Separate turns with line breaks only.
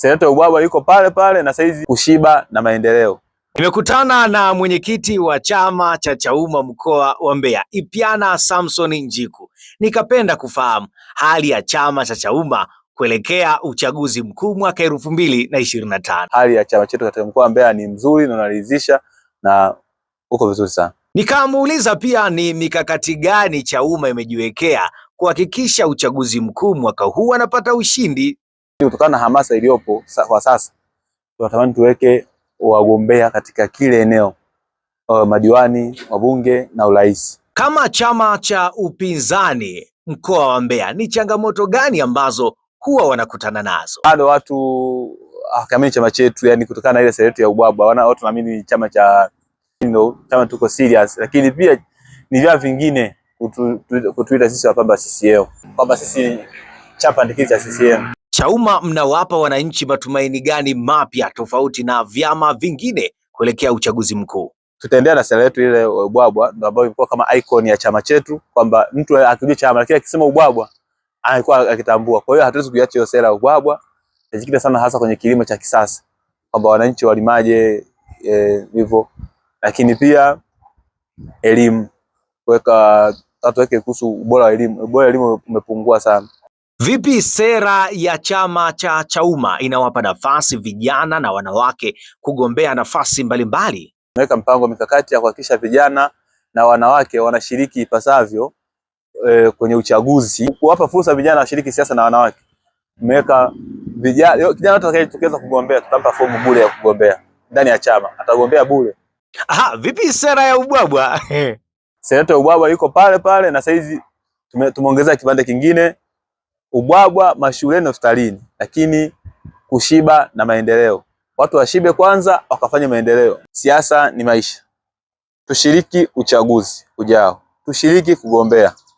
Seneta Ubwabwa yuko pale pale na saizi kushiba na maendeleo.
Nimekutana na mwenyekiti wa chama cha Chauma mkoa wa Mbeya, Ipyana Samson Njiku, nikapenda kufahamu hali ya chama cha Chauma kuelekea uchaguzi mkuu mwaka elfu mbili na ishirini na tano.
Hali ya chama chetu katika mkoa wa Mbeya ni mzuri na unaridhisha na uko vizuri sana.
Nikamuuliza pia ni mikakati gani Chauma imejiwekea kuhakikisha uchaguzi mkuu mwaka huu anapata ushindi
Kutokana na hamasa iliyopo kwa sasa, tunatamani tuweke wagombea katika kile eneo, uh, madiwani, wabunge na urais.
Kama chama cha upinzani mkoa wa Mbeya, ni changamoto gani ambazo huwa wanakutana nazo?
Bado watu hawakiamini ah, chama chetu, yani kutokana na ile sera yetu ya ubwabwa, wana watu naamini chama cha ndio chama tuko serious, lakini pia ni vya vingine kutuita sisi wapamba CCM kwamba sisi chapa ndikizi cha CCM.
Chauma mnawapa wananchi matumaini gani mapya tofauti na vyama vingine kuelekea uchaguzi mkuu?
Tutaendelea na sera yetu ile uh, ubwabwa, ndio ambayo ilikuwa kama icon ya chama chetu, kwamba mtu akijua chama lakini akisema ubwabwa anakuwa akitambua. Kwa hiyo hatuwezi kuiacha hiyo sera ya ubwabwa, najikita sana hasa kwenye kilimo cha kisasa, kwamba wananchi walimaje e, hivyo e, lakini pia elimu kuweka, hatuweke kuhusu ubora wa elimu. Ubora wa elimu umepungua sana.
Vipi sera ya chama cha Chauma inawapa nafasi vijana na wanawake kugombea nafasi mbalimbali?
Tumeweka mpango mikakati ya kuhakikisha vijana na wanawake wanashiriki ipasavyo e, kwenye uchaguzi, kuwapa fursa vijana washiriki siasa na wanawake. Tumeweka vijana, kijana atakayetokeza kugombea tutampa fomu bure ya kugombea ndani ya chama, atagombea bure.
Aha, vipi sera ya ubwabwa?
sera ya ubwabwa iko pale pale, na saizi tumeongezea kipande kingine ubwabwa mashuleni, hospitalini, lakini kushiba na maendeleo. Watu washibe kwanza, wakafanye maendeleo. Siasa ni maisha. Tushiriki uchaguzi ujao, tushiriki kugombea.